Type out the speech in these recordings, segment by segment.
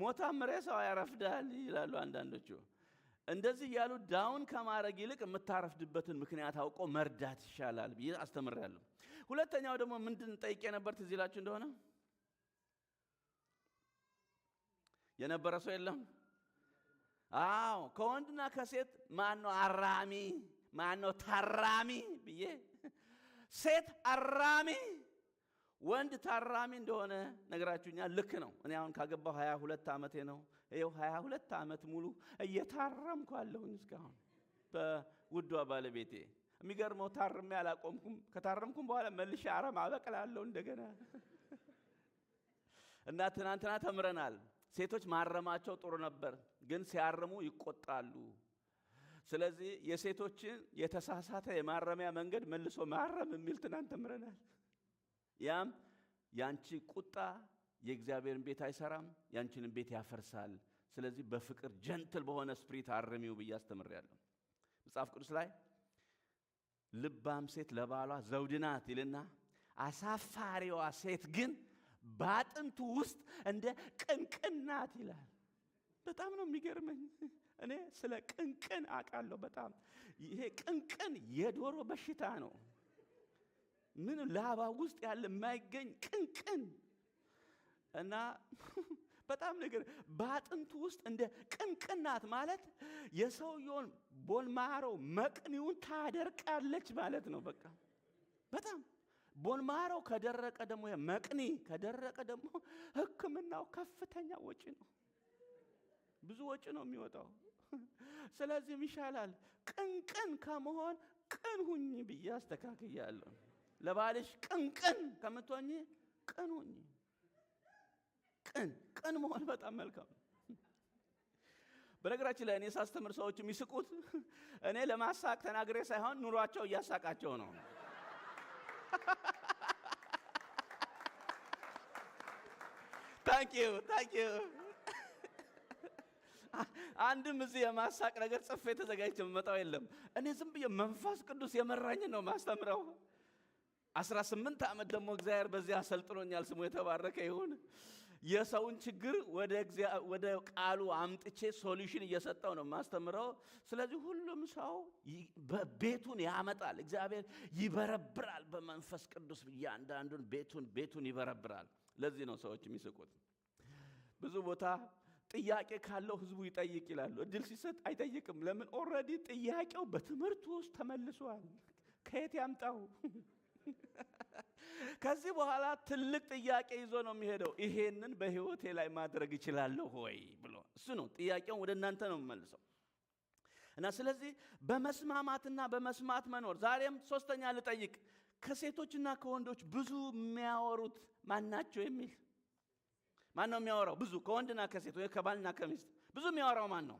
ሞታም ሬሳው ያረፍዳል ይላሉ አንዳንዶቹ። እንደዚህ እያሉ ዳውን ከማድረግ ይልቅ የምታረፍድበትን ምክንያት አውቆ መርዳት ይሻላል ብዬ አስተምሬያለሁ። ሁለተኛው ደግሞ ምንድን ጠይቄ ነበር? ትዝ ይላችሁ እንደሆነ የነበረ ሰው የለም? አዎ፣ ከወንድና ከሴት ማነው አራሚ ማነው ታራሚ ብዬ ሴት አራሚ ወንድ ታራሚ እንደሆነ ነግራችሁኛል። ልክ ነው። እኔ አሁን ካገባው 22 ሁለት ዓመቴ ነው። ይኸው 22 አመት ዓመት ሙሉ እየታረምኩ አለሁኝ እስካሁን በውዷ ባለቤቴ። የሚገርመው ታርሜ አላቆምኩም። ከታረምኩም በኋላ መልሼ አረም አበቅላለሁ እንደገና እና ትናንትና ተምረናል። ሴቶች ማረማቸው ጥሩ ነበር፣ ግን ሲያርሙ ይቆጣሉ። ስለዚህ የሴቶችን የተሳሳተ የማረሚያ መንገድ መልሶ ማረም የሚል ትናንት ተምረናል። ያም ያንቺ ቁጣ የእግዚአብሔርን ቤት አይሰራም፣ ያንቺንም ቤት ያፈርሳል። ስለዚህ በፍቅር ጀንትል በሆነ ስፕሪት አርሚው ብዬ አስተምሬያለሁ። መጽሐፍ ቅዱስ ላይ ልባም ሴት ለባሏ ዘውድ ናት ይልና አሳፋሪዋ ሴት ግን በአጥንቱ ውስጥ እንደ ቅንቅን ናት ይላል። በጣም ነው የሚገርመኝ። እኔ ስለ ቅንቅን አውቃለሁ በጣም ይሄ ቅንቅን የዶሮ በሽታ ነው። ምን ላባ ውስጥ ያለ የማይገኝ ቅንቅን እና በጣም ነገር በአጥንቱ ውስጥ እንደ ቅንቅናት ማለት የሰውየውን ቦልማሮ መቅኒውን ታደርቃለች ማለት ነው። በቃ በጣም ቦልማሮ ከደረቀ ደግሞ መቅኒ ከደረቀ ደግሞ ሕክምናው ከፍተኛ ወጪ ነው። ብዙ ወጪ ነው የሚወጣው። ስለዚህም ይሻላል ቅንቅን ከመሆን ቅን ሁኝ ብዬ አስተካክያለሁ። ለባልሽ ቅን ቅን ከምትሆኝ ቅን ቅን ቅን መሆን በጣም መልካም ነው። በነገራችን ላይ እኔ ሳስተምር ሰዎች የሚስቁት እኔ ለማሳቅ ተናግሬ ሳይሆን ኑሯቸው እያሳቃቸው ነው። ታንኪዩ ታንኪዩ። አንድም እዚህ የማሳቅ ነገር ጽፌ ተዘጋጅቼ የምመጣው የለም። እኔ ዝም ብዬ መንፈስ ቅዱስ የመራኝን ነው ማስተምረው። አስራ ስምንት ዓመት ደግሞ እግዚአብሔር በዚህ አሰልጥኖኛል። ስሙ የተባረከ ይሁን። የሰውን ችግር ወደ ቃሉ አምጥቼ ሶሉሽን እየሰጠው ነው ማስተምረው። ስለዚህ ሁሉም ሰው ቤቱን ያመጣል። እግዚአብሔር ይበረብራል በመንፈስ ቅዱስ እያንዳንዱን ቤቱን ቤቱን ይበረብራል። ለዚህ ነው ሰዎች የሚስቁት። ብዙ ቦታ ጥያቄ ካለው ህዝቡ ይጠይቅ ይላሉ። እድል ሲሰጥ አይጠይቅም። ለምን? ኦልሬዲ ጥያቄው በትምህርቱ ውስጥ ተመልሷል። ከየት ያምጣው? ከዚህ በኋላ ትልቅ ጥያቄ ይዞ ነው የሚሄደው። ይሄንን በህይወቴ ላይ ማድረግ ይችላለሁ ወይ ብሎ እሱ ነው ጥያቄውን ወደ እናንተ ነው የምመልሰው። እና ስለዚህ በመስማማትና በመስማት መኖር። ዛሬም ሶስተኛ ልጠይቅ፣ ከሴቶችና ከወንዶች ብዙ የሚያወሩት ማናቸው የሚል ማን ነው የሚያወራው? ብዙ ከወንድና ከሴት ወይ ከባልና ከሚስት ብዙ የሚያወራው ማን ነው?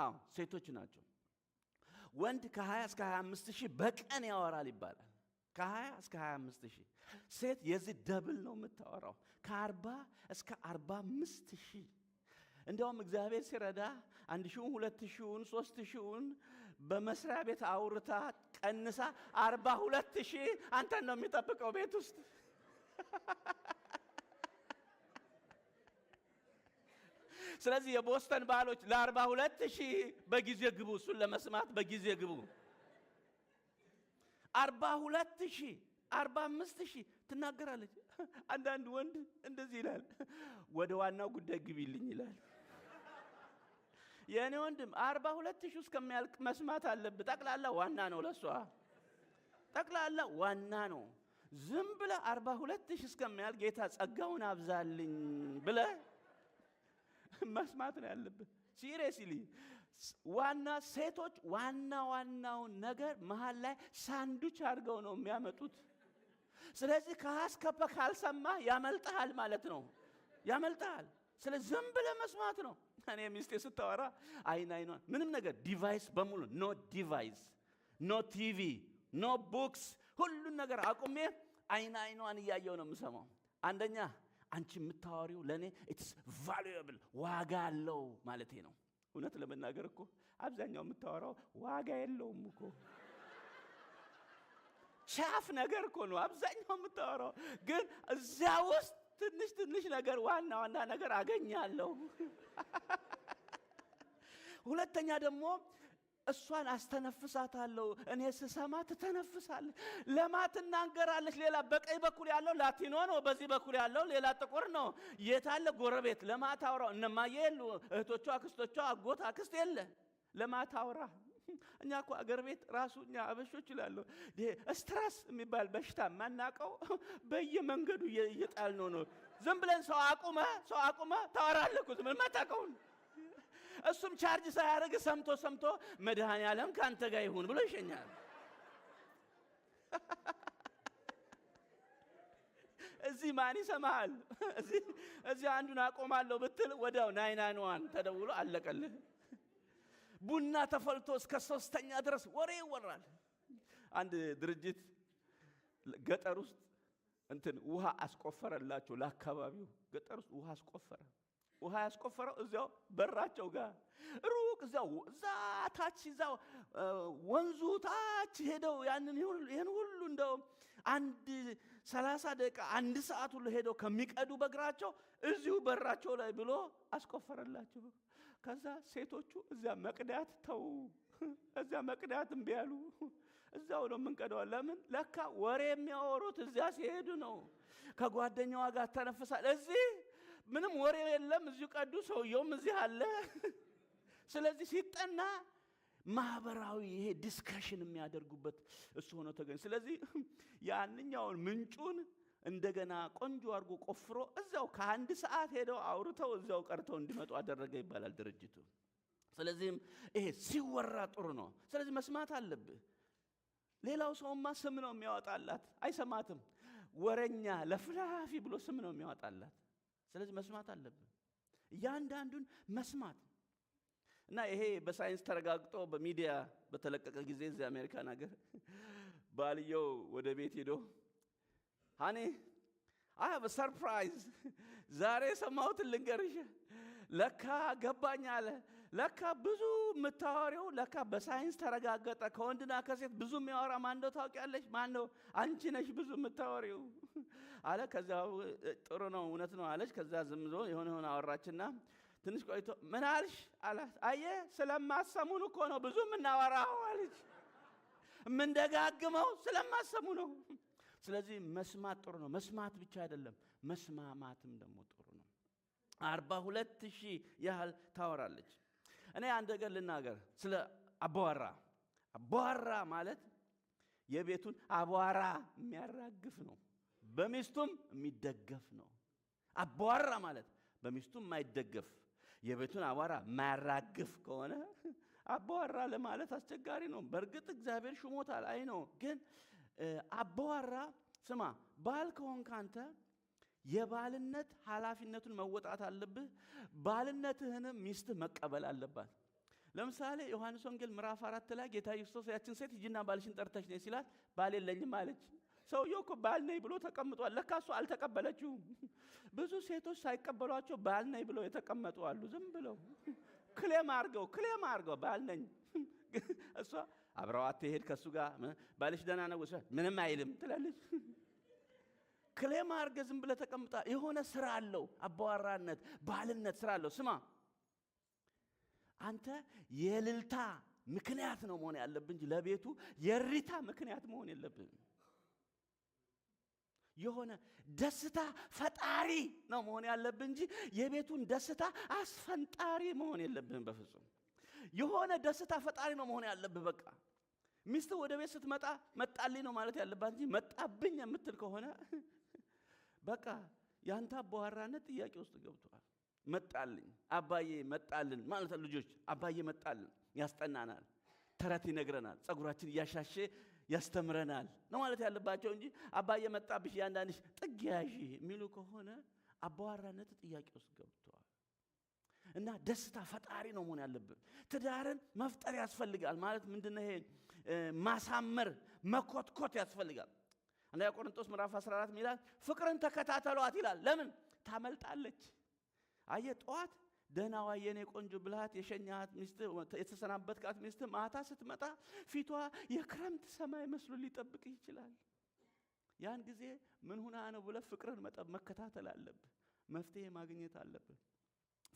አዎ ሴቶች ናቸው። ወንድ ከ20 እስከ 25 ሺህ በቀን ያወራል ይባላል። ከ20 እስከ 25 ሺህ ሴት የዚህ ደብል ነው የምታወራው። ከ40 እስከ 45 ሺህ እንዲያውም እግዚአብሔር ሲረዳ አንድ ሺውን ሁለት ሺውን ሶስት ሺውን በመስሪያ ቤት አውርታ ቀንሳ አርባ ሁለት ሺህ አንተን ነው የሚጠብቀው ቤት ውስጥ ስለዚህ የቦስተን ባሎች ለአርባ ሁለት ሺህ በጊዜ ግቡ እሱን ለመስማት በጊዜ ግቡ አርባ ሁለት ሺህ አርባ አምስት ሺህ ትናገራለች። አንዳንድ ወንድ እንደዚህ ይላል፣ ወደ ዋናው ጉዳይ ግቢልኝ ይላል። የእኔ ወንድም አርባ ሁለት ሺህ እስከሚያልቅ መስማት አለብህ። ጠቅላላ ዋና ነው ለሷ ጠቅላላ ዋና ነው። ዝም ብለ አርባ ሁለት ሺህ እስከሚያልቅ ጌታ ጸጋውን አብዛልኝ ብለ መስማት ነው ያለብህ። ሲሪየስሊ ዋና ሴቶች ዋና ዋናውን ነገር መሀል ላይ ሳንዱች አድርገው ነው የሚያመጡት። ስለዚህ ከሀስ ከፐ ካልሰማ ያመልጠሃል ማለት ነው፣ ያመልጠሃል። ስለ ዝም ብለ መስማት ነው። እኔ ሚስቴ ስታወራ አይን አይኗን ምንም ነገር ዲቫይስ በሙሉ ኖ ዲቫይስ፣ ኖ ቲቪ፣ ኖ ቡክስ፣ ሁሉን ነገር አቁሜ አይን አይኗን እያየው ነው የምሰማው። አንደኛ አንቺ የምታወሪው ለእኔ ኢትስ ቫሉብል ዋጋ አለው ማለቴ ነው። እውነት ለመናገር እኮ አብዛኛው የምታወራው ዋጋ የለውም እኮ ሻፍ ነገር እኮ ነው አብዛኛው የምታወራው። ግን እዚያ ውስጥ ትንሽ ትንሽ ነገር ዋና ዋና ነገር አገኛለሁ። ሁለተኛ ደግሞ እሷን አስተነፍሳታለሁ። እኔ ስሰማ ትተነፍሳለች። ለማ ትናገራለች። ሌላ በቀኝ በኩል ያለው ላቲኖ ነው፣ በዚህ በኩል ያለው ሌላ ጥቁር ነው። የታለ ጎረቤት? ለማ ታውራ። እነማየ የሉ፣ እህቶቿ፣ አክስቶቿ፣ አጎት፣ አክስት የለ። ለማ ታውራ። እኛ እኮ አገር ቤት ራሱ እኛ አበሾች ይላሉ ስትረስ የሚባል በሽታ ማናቀው በየመንገዱ እየጣል ነው ነው ዝም ብለን ሰው አቁመ ሰው አቁመ ታወራለኩ እኮ ዝም ብለን እሱም ቻርጅ ሳያደርግ ሰምቶ ሰምቶ መድኃኔ ዓለም ከአንተ ጋር ይሁን ብሎ ይሸኛል። እዚህ ማን ይሰማሃል? እዚህ አንዱን አቆማለሁ ብትል ወዲያው ናይናንዋን ተደውሎ አለቀልህ። ቡና ተፈልቶ እስከ ሶስተኛ ድረስ ወሬ ይወራል። አንድ ድርጅት ገጠር ውስጥ እንትን ውሃ አስቆፈረላቸው። ለአካባቢው ገጠር ውስጥ ውሃ አስቆፈረ። ውሃ ያስቆፈረው እዚያው በራቸው ጋር ሩቅ እዚያው እዛ ታች እዛው ወንዙ ታች ሄደው ያንን ይህን ሁሉ እንደው አንድ ሰላሳ ደቂቃ አንድ ሰዓት ሁሉ ሄደው ከሚቀዱ በግራቸው እዚሁ በራቸው ላይ ብሎ አስቆፈረላቸው። ከዛ ሴቶቹ እዚያ መቅዳት ተው፣ እዚያ መቅዳት እምቢ አሉ። ነው የምንቀደው። ለምን? ለካ ወሬ የሚያወሩት እዚያ ሲሄዱ ነው። ከጓደኛዋ ጋር ተነፍሳል እዚህ ምንም ወሬ የለም። እዚሁ ቀዱ፣ ሰውየውም እዚህ አለ። ስለዚህ ሲጠና ማህበራዊ ይሄ ዲስከሽን የሚያደርጉበት እሱ ሆኖ ተገኝ። ስለዚህ ያንኛውን ምንጩን እንደገና ቆንጆ አድርጎ ቆፍሮ እዛው ከአንድ ሰዓት ሄደው አውርተው እዛው ቀርተው እንዲመጡ አደረገ ይባላል ድርጅቱ። ስለዚህም ይሄ ሲወራ ጥሩ ነው። ስለዚህ መስማት አለብህ። ሌላው ሰውማ ስም ነው የሚያወጣላት፣ አይሰማትም። ወረኛ ለፍላፊ ብሎ ስም ነው የሚያወጣላት። ስለዚህ መስማት አለብን። እያንዳንዱን መስማት እና ይሄ በሳይንስ ተረጋግጦ በሚዲያ በተለቀቀ ጊዜ እዚህ አሜሪካን ሀገር ባልየው ወደ ቤት ሄዶ ሀኔ አይ ሰርፕራይዝ ዛሬ የሰማሁትን ልንገርሽ ለካ ገባኝ አለ ለካ ብዙ የምታወሪው ለካ በሳይንስ ተረጋገጠ። ከወንድና ከሴት ብዙ የሚያወራ ማን ነው ታውቂያለሽ? ማን አንቺ ነሽ ብዙ የምታወሪው አለ። ከዛ ጥሩ ነው እውነት ነው አለች። ከዛ ዝም ብሎ የሆነ የሆነ አወራችና ትንሽ ቆይቶ ምን አልሽ አላት። አየ ስለማሰሙን እኮ ነው ብዙ የምናወራው አለች። የምንደጋግመው ስለማሰሙ ነው። ስለዚህ መስማት ጥሩ ነው። መስማት ብቻ አይደለም መስማማትም ደግሞ ጥሩ ነው። አርባ ሁለት ሺህ ያህል ታወራለች። እኔ አንድ ነገር ልናገር ስለ አቧራ። አቧራ ማለት የቤቱን አቧራ የሚያራግፍ ነው። በሚስቱም የሚደገፍ ነው። አቧራ ማለት በሚስቱም የማይደገፍ የቤቱን አቧራ የማያራግፍ ከሆነ አቧራ ለማለት አስቸጋሪ ነው። በእርግጥ እግዚአብሔር ሹሞታል አይ ነው። ግን አቧራ ስማ፣ ባል ከሆንክ አንተ የባልነት ኃላፊነቱን መወጣት አለብህ። ባልነትህንም ሚስትህ መቀበል አለባት። ለምሳሌ ዮሐንስ ወንጌል ምዕራፍ አራት ላይ ጌታ ኢየሱስ ያችን ሴት ሂጂና ባልሽን ጠርተሽ ነይ ሲላት ባል የለኝም አለች። ሰውየው እኮ ባል ነኝ ብሎ ተቀምጧል። ለካ እሱ አልተቀበለችውም። ብዙ ሴቶች ሳይቀበሏቸው ባል ነኝ ብለው የተቀመጡ አሉ። ዝም ብለው ክሌም አርገው ክሌም አርገው ባል ነኝ እሷ አብረዋት ትሄድ ከእሱ ጋር ባልሽ ደህና ነው ምንም አይልም ትላለች። ክሌም አድርገህ ዝም ብለህ ተቀምጣ የሆነ ስራ አለው። አባዋራነት፣ ባልነት ስራ አለው። ስማ አንተ የልልታ ምክንያት ነው መሆን ያለብህ እንጂ ለቤቱ የሪታ ምክንያት መሆን የለብህም። የሆነ ደስታ ፈጣሪ ነው መሆን ያለብህ እንጂ የቤቱን ደስታ አስፈንጣሪ መሆን የለብህም በፍጹም። የሆነ ደስታ ፈጣሪ ነው መሆን ያለብህ። በቃ ሚስት ወደ ቤት ስትመጣ መጣልኝ ነው ማለት ያለባት እንጂ መጣብኝ የምትል ከሆነ በቃ ያንተ አባዋራነት ጥያቄ ውስጥ ገብቷል። መጣልኝ አባዬ መጣልን ማለት ልጆች አባዬ መጣልን ያስጠናናል፣ ተረት ይነግረናል፣ ጸጉራችን እያሻሸ ያስተምረናል ነው ማለት ያለባቸው እንጂ አባዬ መጣብሽ ያንዳንሽ ጥግ ያዥ የሚሉ ከሆነ አባዋራነት ጥያቄ ውስጥ ገብተዋል። እና ደስታ ፈጣሪ ነው መሆን ያለብን። ትዳርን መፍጠር ያስፈልጋል ማለት ምንድነው? ይሄ ማሳመር መኮትኮት ያስፈልጋል። አንደኛ ቆሮንጦስ ምዕራፍ 14 ሚላል ፍቅርን ተከታተሏት ይላል። ለምን ታመልጣለች? አየ ጠዋት ደህናዋ የኔ ቆንጆ ብልሃት የሸኛት ሚስት የተሰናበትካት ሚስት ማታ ስትመጣ ፊቷ የክረምት ሰማይ መስሎ ሊጠብቅ ይችላል። ያን ጊዜ ምን ሁና ነው ብለህ ፍቅርን መጠብ መከታተል አለብህ። መፍትሄ ማግኘት አለብህ።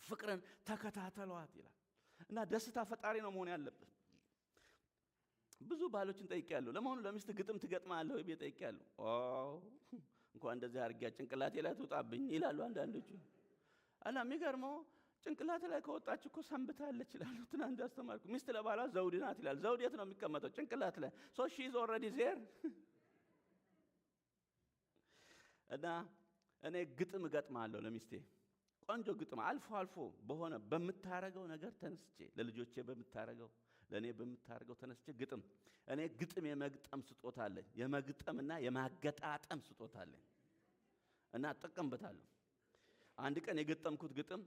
ፍቅርን ተከታተሏት ይላል እና ደስታ ፈጣሪ ነው መሆን ያለብህ። ብዙ ባሎችን ጠይቄያለሁ። ለመሆኑ ለሚስት ግጥም ትገጥማለህ ወይ ብዬ ጠይቄያለሁ። እንደዚህ አድርጊያ ጭንቅላቴ ላይ ትውጣብኝ ይላሉ አንዳንዶቹ። አላ የሚገርመው ጭንቅላት ላይ ከወጣች እኮ ሰንብታለች ይላሉ። ትናንት ያስተማርኩ ሚስት ለባሏ ዘውድ ናት ይላል። ዘውድ የት ነው የሚቀመጠው? ጭንቅላት ላይ ሶ ሺዝ ኦልሬዲ ዜር እና እኔ ግጥም እገጥማለሁ ለሚስቴ ቆንጆ ግጥም አልፎ አልፎ በሆነ በምታረገው ነገር ተነስቼ ለልጆቼ በምታረገው ለእኔ በምታደርገው ተነስቼ ግጥም እኔ ግጥም የመግጠም ስጦታ አለኝ። የመግጠምና የማገጣጠም ስጦታ አለኝ እና እጠቀምበታለሁ። አንድ ቀን የገጠምኩት ግጥም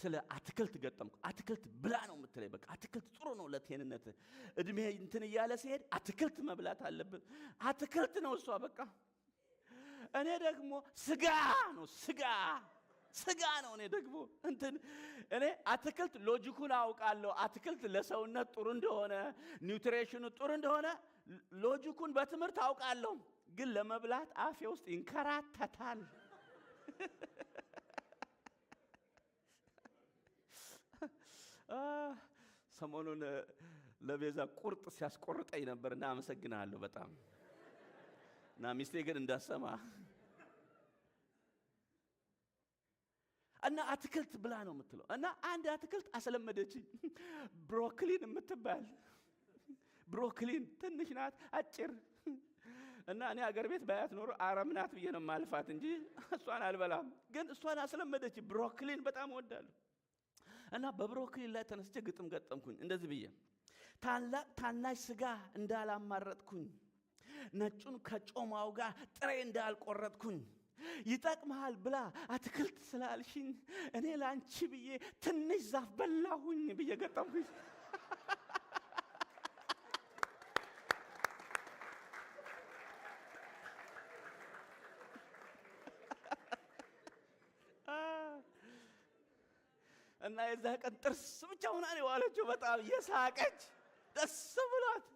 ስለ አትክልት ገጠምኩ። አትክልት ብላ ነው የምትለኝ። በቃ አትክልት ጥሩ ነው ለጤንነት። እድሜ እንትን እያለ ሲሄድ አትክልት መብላት አለብን። አትክልት ነው እሷ በቃ። እኔ ደግሞ ስጋ ነው ስጋ ስጋ ነው። እኔ ደግሞ እንትን እኔ አትክልት ሎጂኩን አውቃለሁ። አትክልት ለሰውነት ጥሩ እንደሆነ ኒውትሬሽኑ ጥሩ እንደሆነ ሎጂኩን በትምህርት አውቃለሁ። ግን ለመብላት አፌ ውስጥ ይንከራተታል። ሰሞኑን ለቤዛ ቁርጥ ሲያስቆርጠኝ ነበር እና አመሰግናለሁ በጣም እና ሚስቴ ግን እንዳሰማ እና አትክልት ብላ ነው የምትለው። እና አንድ አትክልት አስለመደችኝ፣ ብሮክሊን የምትባል ብሮክሊን። ትንሽ ናት፣ አጭር እና እኔ አገር ቤት ባያት ኖሮ አረም ናት ብዬ ነው ማልፋት እንጂ እሷን አልበላም። ግን እሷን አስለመደች። ብሮክሊን በጣም እወዳለሁ። እና በብሮክሊን ላይ ተነስቼ ግጥም ገጠምኩኝ እንደዚህ ብዬ ታናሽ ስጋ እንዳላማረጥኩኝ፣ ነጩን ከጮማው ጋር ጥሬ እንዳልቆረጥኩኝ ይጠቅመሃል ብላ አትክልት ስላልሽኝ እኔ ለአንቺ ብዬ ትንሽ ዛፍ በላሁኝ ብዬ ገጠምኩ። እና የዛ ቀን ጥርስ ብቻ ሆና ነው የዋለችው። በጣም የሳቀች ደስ ብሏት።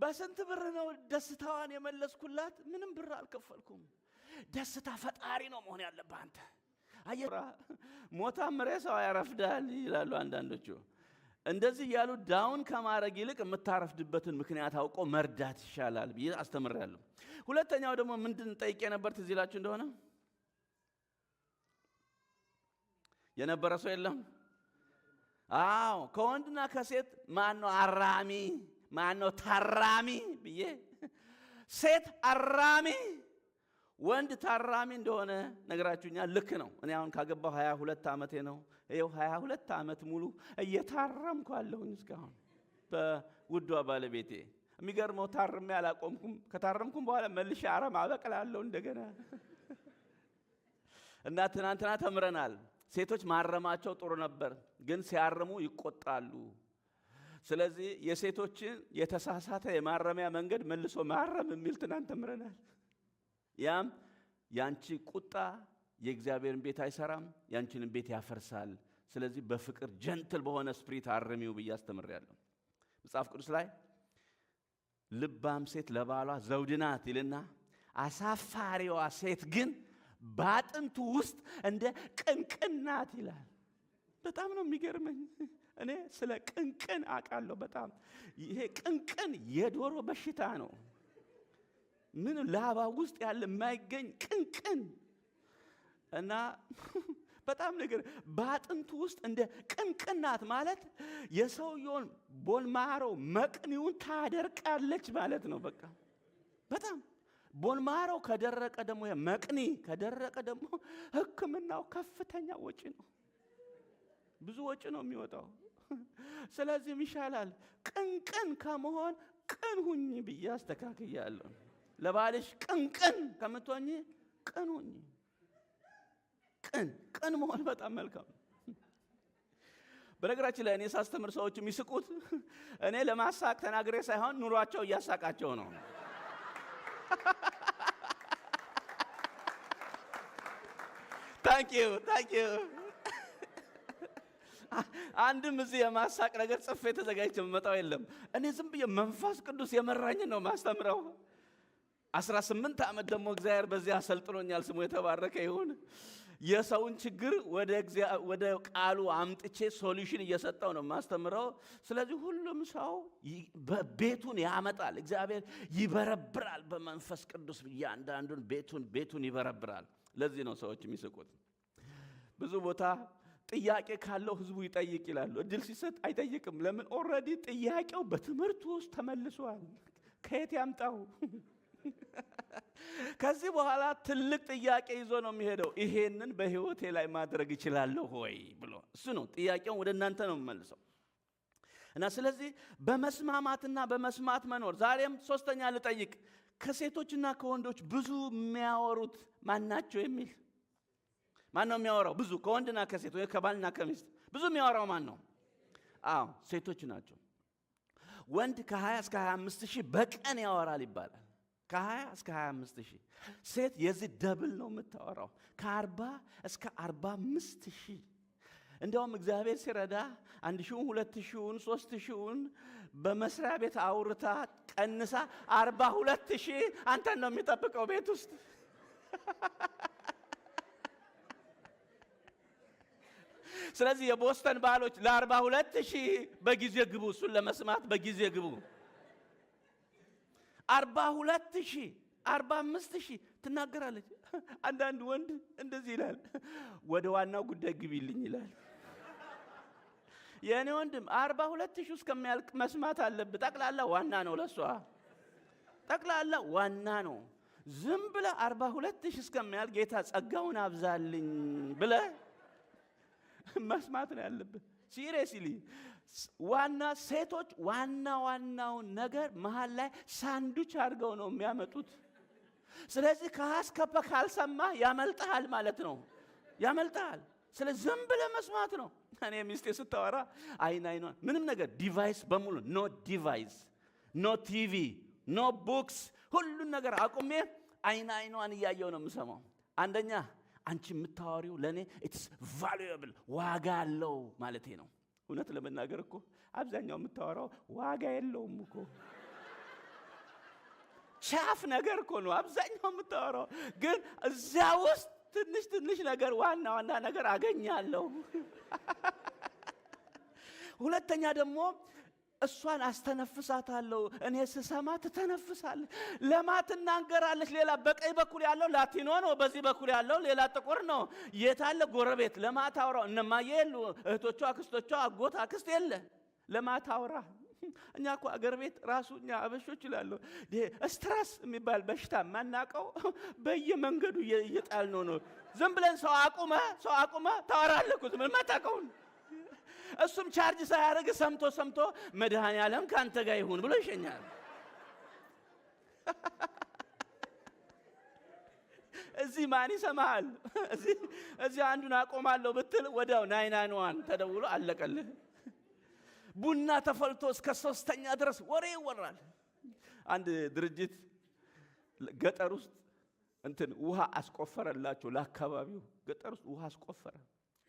በስንት ብር ነው ደስታዋን የመለስኩላት? ምንም ብር አልከፈልኩም። ደስታ ፈጣሪ ነው መሆን ያለብህ አንተ። ሞታም ሬሳዋ ያረፍዳል ይላሉ አንዳንዶቹ። እንደዚህ እያሉ ዳውን ከማድረግ ይልቅ የምታረፍድበትን ምክንያት አውቆ መርዳት ይሻላል ብዬ አስተምሬያለሁ። ሁለተኛው ደግሞ ምንድን ጠይቄ የነበር ትዝ ይላችሁ እንደሆነ የነበረ ሰው የለም? አዎ ከወንድና ከሴት ማነው አራሚ ማነው ታራሚ ብዬ ሴት አራሚ ወንድ ታራሚ እንደሆነ ነገራችሁኛል። ልክ ነው። እኔ አሁን ካገባው ሀያ ሁለት ዓመቴ ነው። ይኸው ሀያ ሁለት ዓመት ሙሉ እየታረምኩ አለሁኝ እስካሁን በውዷ ባለቤቴ። የሚገርመው ታርሜ አላቆምኩም። ከታረምኩም በኋላ መልሼ አረም አበቅላለሁ እንደገና እና ትናንትና ተምረናል። ሴቶች ማረማቸው ጥሩ ነበር፣ ግን ሲያርሙ ይቆጣሉ። ስለዚህ የሴቶችን የተሳሳተ የማረሚያ መንገድ መልሶ ማረም የሚል ትናንት ተምረናል። ያም ያንቺ ቁጣ የእግዚአብሔርን ቤት አይሰራም፣ ያንቺንም ቤት ያፈርሳል። ስለዚህ በፍቅር ጀንትል በሆነ ስፕሪት አርሚው ብዬ አስተምሬያለሁ። መጽሐፍ ቅዱስ ላይ ልባም ሴት ለባሏ ዘውድ ናት ይልና አሳፋሪዋ ሴት ግን በአጥንቱ ውስጥ እንደ ቅንቅን ናት ይላል። በጣም ነው የሚገርመኝ። እኔ ስለ ቅንቅን አውቃለሁ በጣም ይሄ ቅንቅን የዶሮ በሽታ ነው። ምን ላባ ውስጥ ያለ የማይገኝ ቅንቅን እና በጣም ነገር በአጥንቱ ውስጥ እንደ ቅንቅናት ማለት የሰውየውን ቦልማሮ መቅኒውን ታደርቃለች ማለት ነው። በቃ በጣም ቦልማሮ ከደረቀ ደግሞ መቅኒ ከደረቀ ደግሞ ሕክምናው ከፍተኛ ወጪ ነው። ብዙ ወጪ ነው የሚወጣው። ስለዚህም ይሻላል ቅንቅን ከመሆን ቅን ሁኝ ብዬ አስተካክያለሁ። ለባልሽ ቅን ቅን ከምትሆኝ ቅን ሁኝ። ቅን ቅን መሆን በጣም መልካም። በነገራችን ላይ እኔ ሳስተምር ሰዎች የሚስቁት እኔ ለማሳቅ ተናግሬ ሳይሆን ኑሯቸው እያሳቃቸው ነው። ታንኪዩ ታንኪዩ። አንድም እዚህ የማሳቅ ነገር ጽፌ ተዘጋጅቼ የምመጣው የለም። እኔ ዝም ብዬ መንፈስ ቅዱስ የመራኝን ነው ማስተምረው። አስራ ስምንት ዓመት ደግሞ እግዚአብሔር በዚህ አሰልጥኖኛል። ስሙ የተባረከ ይሁን። የሰውን ችግር ወደ ቃሉ አምጥቼ ሶሉሽን እየሰጠው ነው ማስተምረው። ስለዚህ ሁሉም ሰው ቤቱን ያመጣል። እግዚአብሔር ይበረብራል በመንፈስ ቅዱስ እያንዳንዱን ቤቱን ቤቱን ይበረብራል። ለዚህ ነው ሰዎች የሚስቁት። ብዙ ቦታ ጥያቄ ካለው ህዝቡ ይጠይቅ ይላሉ። እድል ሲሰጥ አይጠይቅም። ለምን? ኦልሬዲ ጥያቄው በትምህርቱ ውስጥ ተመልሷል። ከየት ያምጣው? ከዚህ በኋላ ትልቅ ጥያቄ ይዞ ነው የሚሄደው። ይሄንን በህይወቴ ላይ ማድረግ ይችላለሁ ሆይ ብሎ እሱ ነው ጥያቄውን ወደ እናንተ ነው የምመልሰው። እና ስለዚህ በመስማማትና በመስማት መኖር። ዛሬም ሶስተኛ ልጠይቅ፣ ከሴቶችና ከወንዶች ብዙ የሚያወሩት ማናቸው ናቸው የሚል ማን ነው የሚያወራው? ብዙ ከወንድና ከሴት ወይ ከባልና ከሚስት ብዙ የሚያወራው ማን ነው? አዎ ሴቶች ናቸው። ወንድ ከ20 እስከ 25 ሺህ በቀን ያወራል ይባላል። ከ እስከ 25 ሺህ ሴት የዚህ ደብል ነው የምታወራው። ከ40 እስከ 45 ሺህ እንዲያውም እግዚአብሔር ሲረዳ አንድ ሺውን ሁለት ሺውን ሶስት ሺውን በመስሪያ ቤት አውርታ ቀንሳ አርባ ሁለት ሺህ አንተን ነው የሚጠብቀው ቤት ውስጥ ስለዚህ የቦስተን ባሎች ለአርባ ሁለት ሺህ በጊዜ ግቡ እሱን ለመስማት በጊዜ ግቡ አርባ ሁለት ሺህ አርባ አምስት ሺህ ትናገራለች። አንዳንድ ወንድ እንደዚህ ይላል፣ ወደ ዋናው ጉዳይ ግቢልኝ ይላል። የእኔ ወንድም አርባ ሁለት ሺህ እስከሚያልቅ መስማት አለብህ። ጠቅላላ ዋና ነው ለሷ ጠቅላላ ዋና ነው። ዝም ብለ አርባ ሁለት ሺህ እስከሚያልቅ ጌታ ጸጋውን አብዛልኝ ብለ መስማት ነው ያለብህ ሲሪየስሊ ዋና ሴቶች ዋና ዋናውን ነገር መሀል ላይ ሳንዱች አድርገው ነው የሚያመጡት። ስለዚህ ከሀስከፐ ካልሰማ ያመልጠሃል ማለት ነው፣ ያመልጠሃል። ስለ ዝም ብለ መስማት ነው። እኔ ሚስቴ ስታወራ አይን አይኗ ምንም ነገር ዲቫይስ በሙሉ ኖ ዲቫይስ፣ ኖ ቲቪ፣ ኖ ቡክስ፣ ሁሉን ነገር አቁሜ አይን አይኗን እያየው ነው የምሰማው። አንደኛ አንቺ የምታወሪው ለእኔ ኢትስ ቫሉብል ዋጋ አለው ማለቴ ነው እውነት ለመናገር እኮ አብዛኛው የምታወራው ዋጋ የለውም እኮ ቻፍ ነገር እኮ ነው አብዛኛው የምታወራው። ግን እዚያ ውስጥ ትንሽ ትንሽ ነገር ዋና ዋና ነገር አገኛለሁ። ሁለተኛ ደግሞ እሷን አስተነፍሳታለሁ። እኔ ስሰማ ትተነፍሳለች። ለማ ትናገራለች። ሌላ በቀኝ በኩል ያለው ላቲኖ ነው። በዚህ በኩል ያለው ሌላ ጥቁር ነው። የታለ ጎረቤት? ለማ ታውራ። እነማየ የሉ፣ እህቶቿ፣ አክስቶቿ፣ አጎት፣ አክስት የለ። ለማ ታውራ። እኛ እኮ አገር ቤት ራሱ እኛ አበሾች ይላሉ ስትረስ የሚባል በሽታ ማናቀው በየመንገዱ እየጣል ነው ነው ዝም ብለን ሰው አቁመ ሰው አቁመ ታወራለኩት ምን ማታቀውን እሱም ቻርጅ ሳያደርግ ሰምቶ ሰምቶ መድኃኔ ዓለም ከአንተ ጋር ይሁን ብሎ ይሸኛል። እዚህ ማን ይሰማሃል? እዚህ አንዱን አቆማለሁ ብትል ወዲያው ናይናንዋን ተደውሎ አለቀልህ። ቡና ተፈልቶ እስከ ሶስተኛ ድረስ ወሬ ይወራል። አንድ ድርጅት ገጠር ውስጥ እንትን ውሃ አስቆፈረላቸው። ለአካባቢው ገጠር ውስጥ ውሃ አስቆፈረ።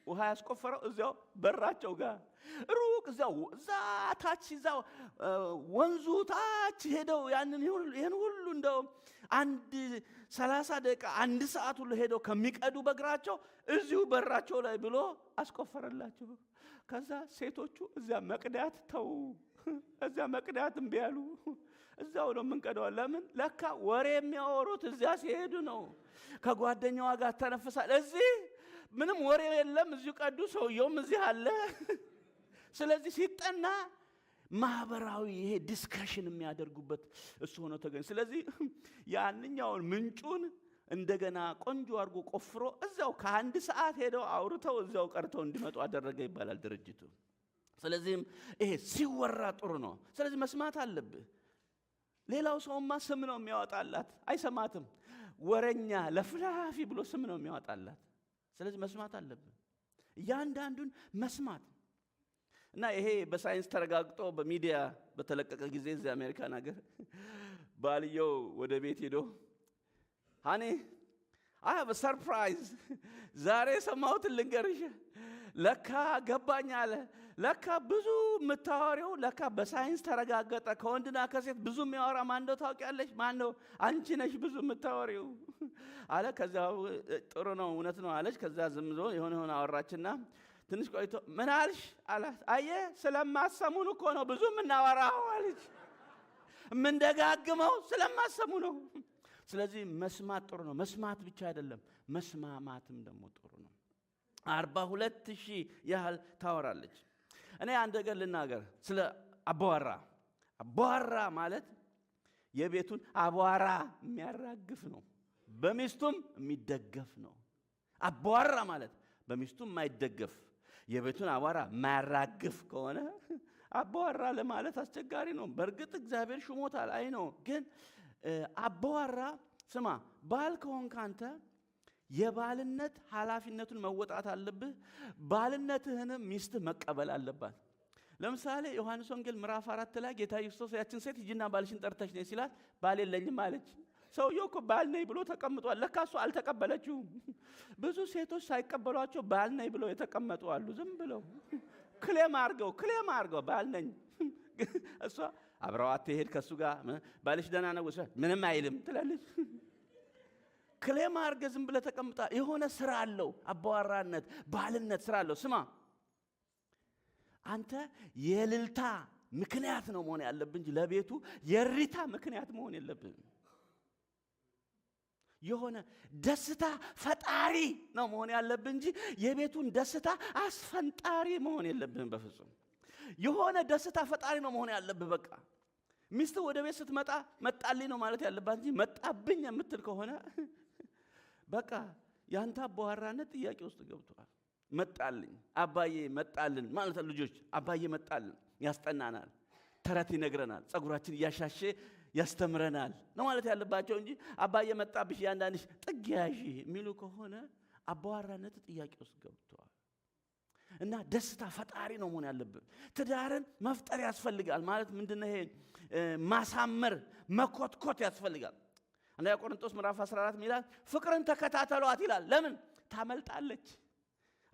ውሃ ያስቆፈረው እዚያው በራቸው ጋር ሩቅ እዚያው እዛ ታች እዛ ወንዙ ታች ሄደው ያንን ይህን ሁሉ እንደው አንድ ሰላሳ ደቂቃ አንድ ሰዓት ሁሉ ሄደው ከሚቀዱ በእግራቸው እዚሁ በራቸው ላይ ብሎ አስቆፈረላቸው። ከዛ ሴቶቹ እዚያ መቅዳት ተው፣ እዚያ መቅዳት እምቢ አሉ። እዛው ነው የምንቀደዋል። ለምን? ለካ ወሬ የሚያወሩት እዚያ ሲሄዱ ነው። ከጓደኛዋ ጋር ተነፍሳል። እዚህ ምንም ወሬ የለም። እዚሁ ቀዱ፣ ሰውየውም እዚህ አለ። ስለዚህ ሲጠና ማህበራዊ ይሄ ዲስከሽን የሚያደርጉበት እሱ ሆኖ ተገኝ። ስለዚህ ያንኛውን ምንጩን እንደገና ቆንጆ አድርጎ ቆፍሮ እዛው ከአንድ ሰዓት ሄደው አውርተው እዛው ቀርተው እንዲመጡ አደረገ ይባላል ድርጅቱ። ስለዚህም ይሄ ሲወራ ጥሩ ነው። ስለዚህ መስማት አለብህ። ሌላው ሰውማ ስም ነው የሚያወጣላት፣ አይሰማትም። ወረኛ ለፍላፊ ብሎ ስም ነው የሚያወጣላት። ስለዚህ መስማት አለብን። እያንዳንዱን መስማት እና ይሄ በሳይንስ ተረጋግጦ በሚዲያ በተለቀቀ ጊዜ እዚህ አሜሪካን ሀገር ባልየው ወደ ቤት ሄዶ ሀኔ አይ ሰርፕራይዝ ዛሬ የሰማሁትን ልንገርሽ ለካ ገባኝ አለ። ለካ ብዙ የምታወሪው ለካ በሳይንስ ተረጋገጠ። ከወንድና ከሴት ብዙ የሚያወራ ማን ነው ታውቂያለሽ? ማን ነው? አንቺ ነሽ ብዙ የምታወሪው አለ። ከዛ ጥሩ ነው እውነት ነው አለች። ከዛ ዝም ብሎ የሆነ የሆነ አወራችና ትንሽ ቆይቶ ምን አልሽ አላት። አየ ስለማሰሙን እኮ ነው ብዙ የምናወራው አለች። የምንደጋግመው ስለማሰሙ ነው። ስለዚህ መስማት ጥሩ ነው። መስማት ብቻ አይደለም መስማማትም ደግሞ ጥሩ ነው። አርባ ሁለት ሺህ ያህል ታወራለች። እኔ አንድ ነገር ልናገር ስለ አቧራ። አቧራ ማለት የቤቱን አቧራ የሚያራግፍ ነው። በሚስቱም የሚደገፍ ነው። አቧራ ማለት በሚስቱም የማይደገፍ የቤቱን አቧራ የማያራግፍ ከሆነ አቧራ ለማለት አስቸጋሪ ነው። በእርግጥ እግዚአብሔር ሹሞታል አይ ነው። ግን አቧራ ስማ፣ ባል ከሆንክ አንተ የባልነት ኃላፊነቱን መወጣት አለብህ። ባልነትህንም ሚስትህ መቀበል አለባት። ለምሳሌ ዮሐንስ ወንጌል ምዕራፍ አራት ላይ ጌታ ኢየሱስ ያችን ሴት ሂጂና ባልሽን ጠርተሽ ነይ ሲላት ባል የለኝም አለች። ሰውየው እኮ ባል ነይ ብሎ ተቀምጧል። ለካ እሱ አልተቀበለችውም። ብዙ ሴቶች ሳይቀበሏቸው ባል ነይ ብለው የተቀመጡ አሉ። ዝም ብለው ክሌም አርገው ክሌም አርገው ባል ነኝ እሷ አብረዋት አትሄድ ከእሱ ጋር ባልሽ ደህና ነው ምንም አይልም ትላለች። ክሌም አድርገህ ዝም ብለህ ተቀምጣ የሆነ ስራ አለው። አባዋራነት፣ ባልነት ስራ አለው። ስማ አንተ የልልታ ምክንያት ነው መሆን ያለብን እንጂ ለቤቱ የሪታ ምክንያት መሆን የለብህም። የሆነ ደስታ ፈጣሪ ነው መሆን ያለብን እንጂ የቤቱን ደስታ አስፈንጣሪ መሆን የለብህም በፍጹም። የሆነ ደስታ ፈጣሪ ነው መሆን ያለብህ። በቃ ሚስት ወደ ቤት ስትመጣ መጣልኝ ነው ማለት ያለባት እንጂ መጣብኝ የምትል ከሆነ በቃ ያንተ አባዋራነት ጥያቄ ውስጥ ገብቷል። መጣልኝ አባዬ መጣልን ማለት ልጆች አባዬ መጣልን ያስጠናናል፣ ተረት ይነግረናል፣ ጸጉራችን እያሻሸ ያስተምረናል ነው ማለት ያለባቸው እንጂ አባዬ መጣብሽ ያንዳንሽ ጥግ ያዥ የሚሉ ከሆነ አባዋራነት ጥያቄ ውስጥ ገብቷል። እና ደስታ ፈጣሪ ነው መሆን ያለብን። ትዳርን መፍጠር ያስፈልጋል ማለት ምንድነው? ይሄ ማሳመር መኮትኮት ያስፈልጋል። አንደኛ ቆርንጦስ ምዕራፍ 14 ሚላል ፍቅርን ተከታተሏት ይላል። ለምን ታመልጣለች?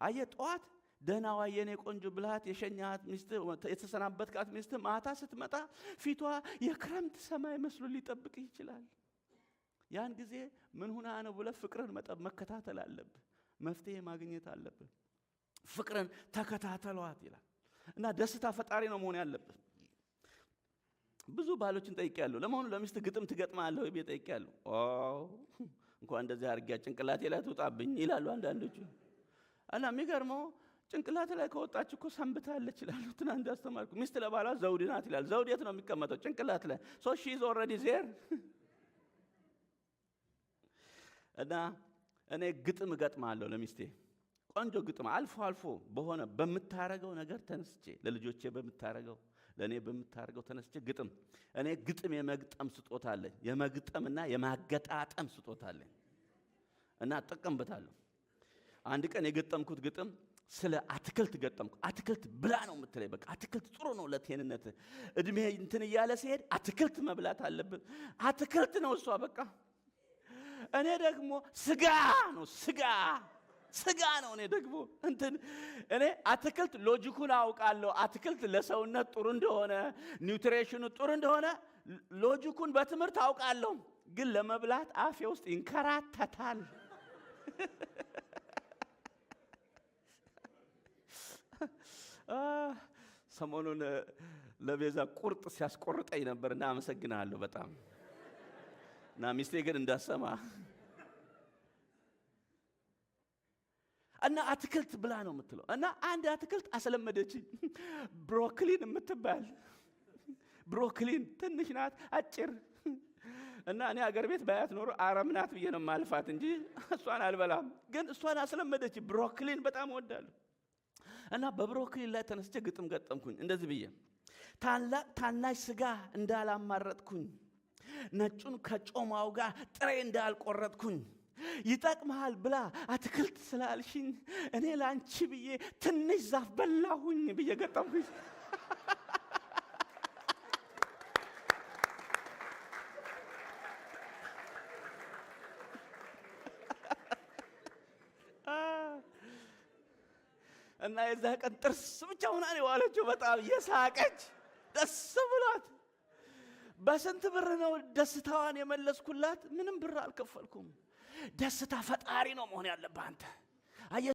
አየ ጠዋት ደህናዋ የኔ ቆንጆ ብልሃት የሸኛት ሚስት የተሰናበትካት ሚስት ማታ ስትመጣ ፊቷ የክረምት ሰማይ መስሎ ሊጠብቅ ይችላል። ያን ጊዜ ምን ሁና ነው ብለህ ፍቅርን መከታተል አለብህ። መፍትሄ ማግኘት አለብህ። ፍቅርን ተከታተሏት ይላል እና ደስታ ፈጣሪ ነው መሆን ያለብህ። ብዙ ባሎችን ጠይቄያለሁ። ለመሆኑ ለሚስት ግጥም ትገጥማለህ ወይ ብዬ ጠይቄያለሁ። እንኳን እንደዚህ አድርጊያ ጭንቅላቴ ላይ ትወጣብኝ ይላሉ አንዳንዶቹ። አላ የሚገርመው ጭንቅላት ላይ ከወጣች እኮ ሰንብታለች ይላሉ። ትናንት ያስተማርኩ ሚስት ለባሏ ዘውድ ናት ይላል። ዘውድ የት ነው የሚቀመጠው? ጭንቅላት ላይ ሶ ሺ ኢዝ ኦልሬዲ ዜር እና እኔ ግጥም እገጥማለሁ ለሚስቴ ቆንጆ ግጥም አልፎ አልፎ በሆነ በምታረገው ነገር ተነስቼ ለልጆቼ በምታረገው ለእኔ በምታደርገው ተነስቼ ግጥም እኔ ግጥም የመግጠም ስጦታ አለኝ። የመግጠምና የማገጣጠም ስጦታ አለኝ እና እጠቀምበታለሁ። አንድ ቀን የገጠምኩት ግጥም ስለ አትክልት ገጠምኩ። አትክልት ብላ ነው የምትለኝ። በቃ አትክልት ጥሩ ነው ለጤንነት። እድሜ እንትን እያለ ሲሄድ አትክልት መብላት አለብን። አትክልት ነው እሷ በቃ። እኔ ደግሞ ስጋ ነው ስጋ ስጋ ነው። እኔ ደግሞ እንትን እኔ አትክልት ሎጂኩን አውቃለሁ። አትክልት ለሰውነት ጥሩ እንደሆነ ኒውትሬሽኑ ጥሩ እንደሆነ ሎጂኩን በትምህርት አውቃለሁ። ግን ለመብላት አፌ ውስጥ ይንከራተታል። ሰሞኑን ለቤዛ ቁርጥ ሲያስቆርጠኝ ነበር እና አመሰግናለሁ በጣም እና ሚስቴ ግን እንዳሰማ እና አትክልት ብላ ነው የምትለው። እና አንድ አትክልት አስለመደች ብሮክሊን የምትባል ብሮክሊን ትንሽ ናት፣ አጭር እና እኔ አገር ቤት ባያት ኖሮ አረም ናት ብዬ ነው ማልፋት እንጂ እሷን አልበላም። ግን እሷን አስለመደች። ብሮክሊን በጣም እወዳለሁ እና በብሮክሊን ላይ ተነስቼ ግጥም ገጠምኩኝ እንደዚህ ብዬ ታናሽ ስጋ እንዳላማረጥኩኝ ነጩን ከጮማው ጋር ጥሬ እንዳልቆረጥኩኝ ይጠቅመሃል ብላ አትክልት ስላልሽኝ እኔ ለአንቺ ብዬ ትንሽ ዛፍ በላሁኝ ብዬ ገጠምኩኝ። እና የዛ ቀን ጥርስ ብቻ ሆና ነው የዋለችው። በጣም የሳቀች ደስ ብሏት። በስንት ብር ነው ደስታዋን የመለስኩላት? ምንም ብር አልከፈልኩም። ደስታ ፈጣሪ ነው መሆን ያለብህ አንተ።